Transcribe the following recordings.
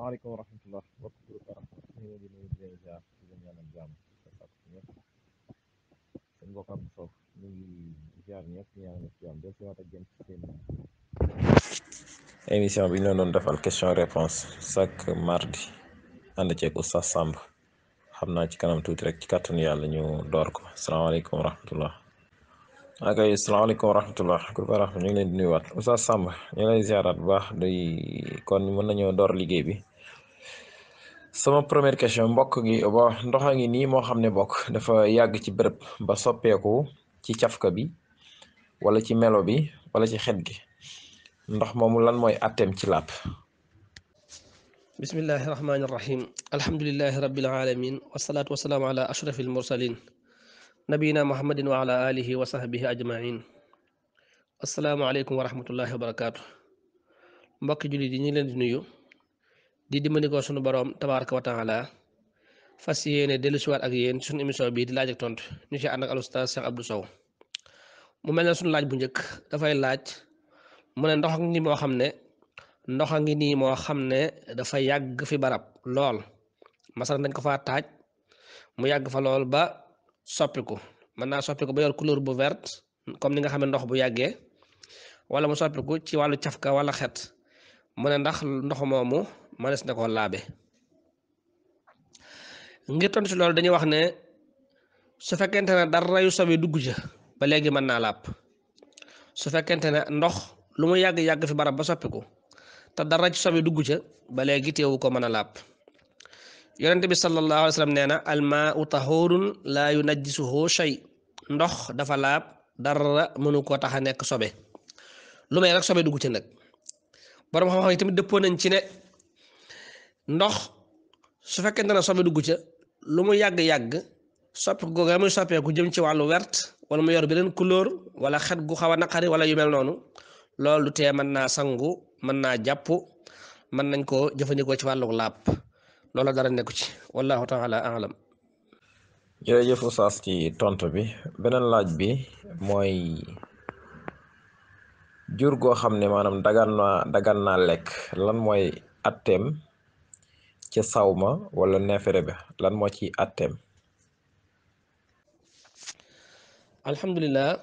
Assalamualaikum warahmatullahi wabarakatuh. Ini di Indonesia ya, filmnya jam. Satu-satunya. Dan gua kan sok ini jarnya yang jam dia sih ada jam sistem. Émission bi ñu doon defal question réponse chaque mardi Anda cek usah Samb xam jika nam tu tuuti rek ci kàttanu yàlla ñu door ko asalaamaaleykum wa rahmatullah ak ay asalaamaaleykum wa rahmatullah ñu ngi di nuyuwaat Oustaz Samb ñu lay ziaraat bah baax kon mana nañoo door bi sama première question mbokk gi ba ndoxa ngi ni mo xamne bok dafa yag ci bërepp ba soppeku ci tiafka bi wala ci melo bi wala ci xet gi ndox momu lan moy atem ci lap بسم الله الرحمن الرحيم الحمد لله رب العالمين والصلاة والسلام على أشرف المرسلين نبينا محمد وعلى آله وصحبه أجمعين السلام عليكم ورحمة الله وبركاته مبكي جولي دي نيلان دي نيو di ko sunu borom tabaraka wa taala fas ci wat ak yeen sunu emission bi di laaj ak tontu ñu ci and ak alustaz Cheikh Abdou Sow mu mel ne sunu laaj bu da fay laaj mu ne ndox ngi moo xam ndox ngi ni mo xamne da dafa yàgg fi barab lol masalan nañ ko fa taaj mu yàgg fa lol ba soppiku man na soppiku ba yor couleur bu verte comme ni nga xamne ndox bu yagge wala mu soppiku ci walu tiafka wala xet mu ne ndax ndox momu manes na ko laabe ngir tontu ci loolu dañuy wax ne su fekkente ne dara yu sobe dugg ca ba léegi mën naa làpp su fekkente ne ndox lu mu yàgg-yàgg fi barab ba soppiku te dara ci sobe dugg ca ba léegi teewu ko mën a làpp yonente bi sallallahu alayhi wa sallam nee na layu tahurun laa yunajjisuhu shay ndox dafa laab dara mënu ko tax a nekk sobe lu may rek sobe dugg ci nag borom xam-xam yi tamit dëppoo ci ne ndox su fekkente ne sobe dugg ca lu mu yàgg-yàgg soppi googa muy soppeeku jëm ci wàllu wert wala mu yor beneen couleur wala xet gu xaw a naqari wala yu mel noonu loolu du tee mën naa sangu mën naa jàpp mën nañ ko jëfandikoo ci wàllu làpp loola dara nekku ci wallahu taala alam jërëjëf Oustaz ci tontu bi beneen laaj bi mooy jur goo xam ne maanaam dagan naa dagan lekk lan mooy atteem ca sawma wala neefere bi lan moo ci atteem alhamdulilah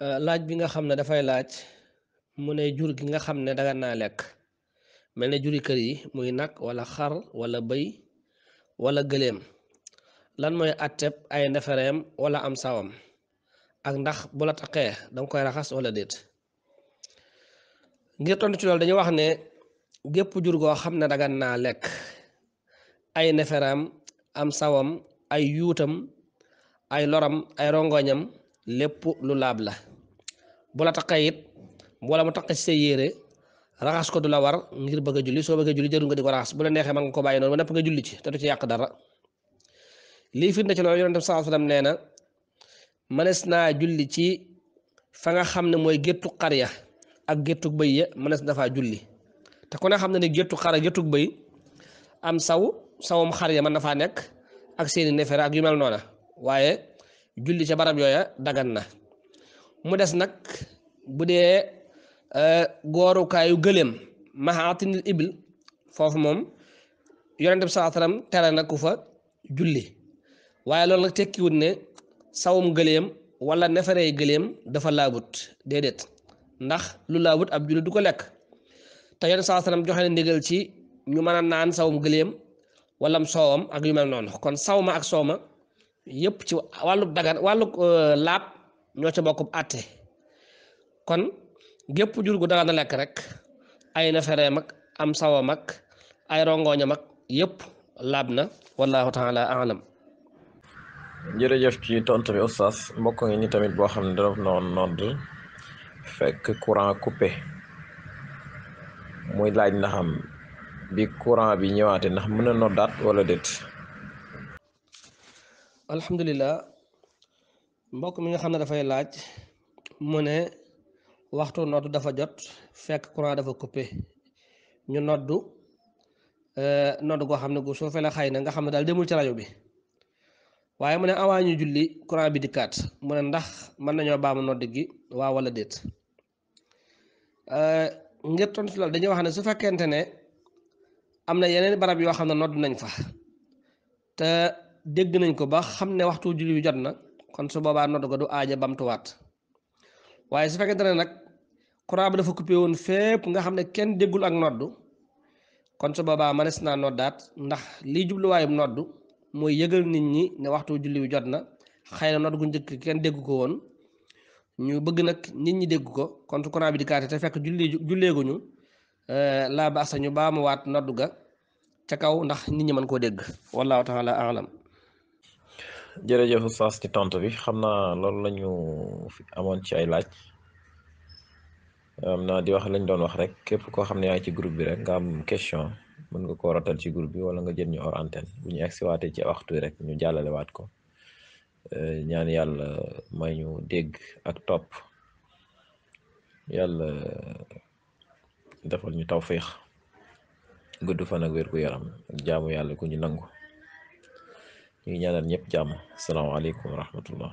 euh, laaj bi nga xam ne dafay laaj mu ne jur gi nga xam ne daga naa lekk mel ne juri kër yi muy nag walla xar walla bëy wala gëléem lan mooy atteb ay nefereem wala am sawam ak ndax bu la taqee danga koy raxas wala déet ngir tontu ci dañu wax ne gépp jur goo xam ne dagan naa lekk ay neferam am sawam ay yuutam ay loram ay rongoñam lépp lu laab la bu la taqee it wala mu taqee ci yére raxas ko du la war ngir bëgg a julli soo bëgg a julli jarul nga di ko raxas bu la neexee mën nga ko bàyyi noonu ba nepp julli ci te du ci yàq dara lii firnde ci loolu yonent bi sallallahu alayhi wasallam nee na mënees naa julli ci fa nga xam ne mooy géttu xar ak géttu bëy ya mënees na faa julli te ku ne xam na ne géttu xar ak géttug am saw sawum xar ya mën na faa nekk ak seeni nefere ak yu mel noona waaye julli ca barab yooya dagan na mu des nag bu dee e, goorukaayu gëléem maxaatinil ibil foofu moom yonente bi saa tere na ku fa julli waaye loolu nag tekkiwut ne sawum gëléem wala neferey gëléem dafa laabut déedéet ndax lu laabut ab julli du ko lekk te yoon saa salaam joxe na ndigal ci ñu mën a naan sawum gëléem walam soowam ak yu mel noonu kon ma ak soowma yëpp ci wàllu daga wàllu euh, laab ñoo ca bokkub àtte kon gépp jur gu dagan a rek ay na fereem ak am sawam mag ay rongooñam ak yëpp laab na wallahu taala alam jërëjëf ci tontu bi mbokk ngi tamit boo xam ne daf noon nodd fekk courant coupé muy laaj na xam bi courant bi ñëwaate ndax mën a noddaat wala déet alhamdulilah mbokk mi nga xam ne dafay laaj mu ne waxtu nodd dafa jot fekk courant dafa coupé ñu noddu euh, nodd goo xam ne gu suufee la xay na nga xam ne daal demul ci rajo bi waaye mu ne avant ñu julli courant bi dikkaat mu ne ndax mën nañoo baamu nodd gi waa wala déet euh, ngir tontu loolu dañuy wax ne su fekkente ne am na yeneen barab yoo xam ne nodd nañ fa te dégg nañ ko ba xam ne waxtu julli yu jot na kon su boobaa nodd ko du aaja bamtuwaat waaye su fekkente ne nag courant dafa kuppe woon fépp nga xam ne kenn déggul ak noddu kon su boobaa mënees naa noddaat ndax lii jubluwaayum noddu mooy yëgal nit ñi ne waxtu julli yu jot na xëy na nodd gu njëkk kenn dégg ko woon ñu bëgg nag nit ñi dégg ko kon su Quran bi di kaate te fekk julli julleeguñu euh, laa ba ñu baa mu waat noddu ga ca kaw ndax nit ñi mën koo dégg wallahu taala alam jërëjëf Oustaz ci tontu bi xam naa loolu lañu fi amoon ci ay laaj am naa di wax lañ doon wax rek képp koo xam ne yaa ci groupe bi rek nga am question mën nga koo ratal ci groupe bi wala nga jël ñu hors bu ñu egsi waatee ci waxtu wi rek ñu jàllale waat ko Eh, ñaan yàlla may ñu dégg ak topp yàlla defal ñu tawféex gudd fan ak wér gu yaram ak jaamu yàlla ku ñu nangu ñu ñaanal ñëpp jàmm asalaamaaleykum wa rahmatullah